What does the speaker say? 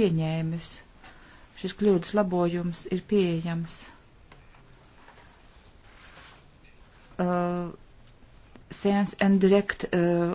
pieņēmis. Šis kļūdas labojums ir pieejams. Uh, Science and Direct uh,